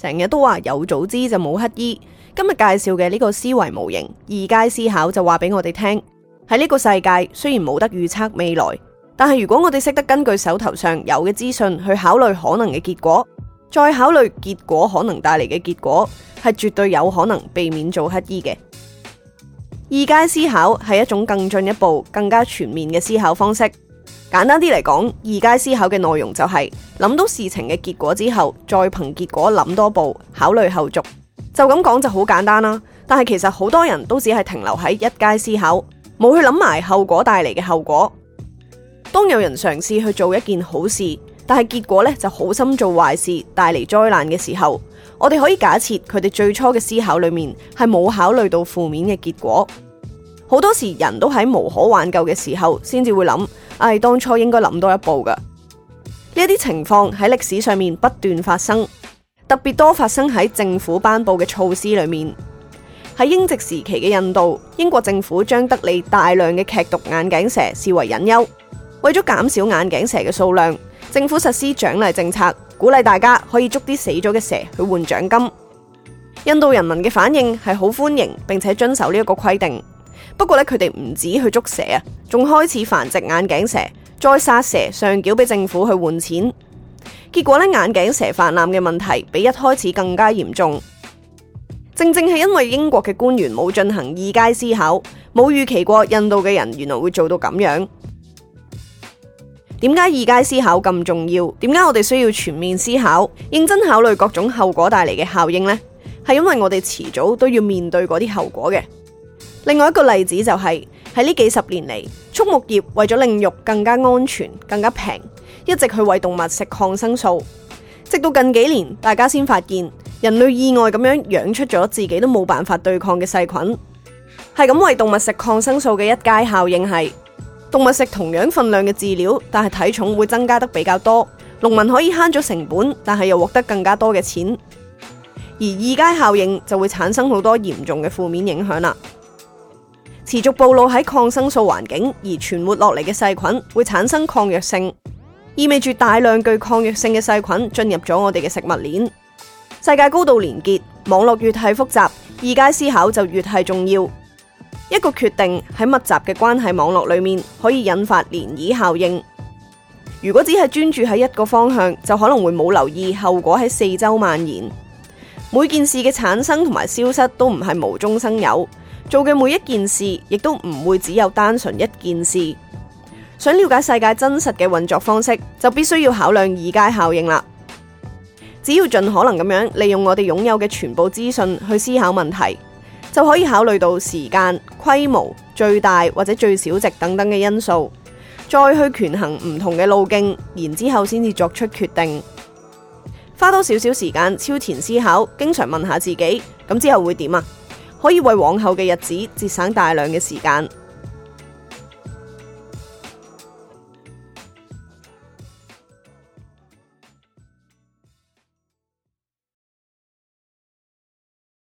成日都話有早知就冇乞兒。今日介紹嘅呢個思維模型二階思考就話俾我哋聽，喺呢個世界雖然冇得預測未來，但係如果我哋識得根據手頭上有嘅資訊去考慮可能嘅結果，再考慮結果可能帶嚟嘅結果，係絕對有可能避免做乞兒嘅。二階思考係一種更進一步、更加全面嘅思考方式。簡單啲嚟講，二階思考嘅內容就係諗到事情嘅結果之後，再憑結果諗多步，考慮後續。就咁講就好簡單啦。但係其實好多人都只係停留喺一階思考，冇去諗埋後果帶嚟嘅後果。當有人嘗試去做一件好事，但係結果咧就好心做壞事，帶嚟災難嘅時候，我哋可以假設佢哋最初嘅思考裏面係冇考慮到負面嘅結果。好多時人都喺無可挽救嘅時候，先至會諗，唉、哎，當初應該諗多一步噶。呢啲情況喺歷史上面不斷發生，特別多發生喺政府頒布嘅措施裏面。喺英殖時期嘅印度，英國政府將德里大量嘅劇毒眼鏡蛇視為隱憂，為咗減少眼鏡蛇嘅數量，政府實施獎勵政策，鼓勵大家可以捉啲死咗嘅蛇去換獎金。印度人民嘅反應係好歡迎，並且遵守呢一個規定。不過咧，佢哋唔止去捉蛇啊，仲開始繁殖眼鏡蛇，再殺蛇上繳俾政府去換錢。結果咧，眼鏡蛇泛濫嘅問題比一開始更加嚴重。正正係因為英國嘅官員冇進行二階思考，冇預期過印度嘅人原來會做到咁樣。點解二階思考咁重要？點解我哋需要全面思考、認真考慮各種後果帶嚟嘅效應呢？係因為我哋遲早都要面對嗰啲後果嘅。另外一個例子就係喺呢幾十年嚟，畜牧業為咗令肉更加安全、更加平，一直去餵動物食抗生素。直到近幾年，大家先發現人類意外咁樣養出咗自己都冇辦法對抗嘅細菌。係咁，餵動物食抗生素嘅一階效應係動物食同樣份量嘅飼料，但係體重會增加得比較多，農民可以慳咗成本，但係又獲得更加多嘅錢。而二階效應就會產生好多嚴重嘅負面影響啦。持續暴露喺抗生素環境而存活落嚟嘅細菌會產生抗藥性，意味住大量具抗藥性嘅細菌進入咗我哋嘅食物鏈。世界高度連結，網絡越係複雜，二階思考就越係重要。一個決定喺密集嘅關係網絡裏面，可以引發漣漪效應。如果只係專注喺一個方向，就可能會冇留意後果喺四周蔓延。每件事嘅產生同埋消失都唔係無中生有。做嘅每一件事，亦都唔會只有單純一件事。想了解世界真實嘅運作方式，就必須要考量二階效應啦。只要盡可能咁樣利用我哋擁有嘅全部資訊去思考問題，就可以考慮到時間、規模、最大或者最小值等等嘅因素，再去權衡唔同嘅路徑，然之後先至作出決定。花多少少時間超前思考，經常問下自己，咁之後會點啊？可以為往後嘅日子節省大量嘅時間。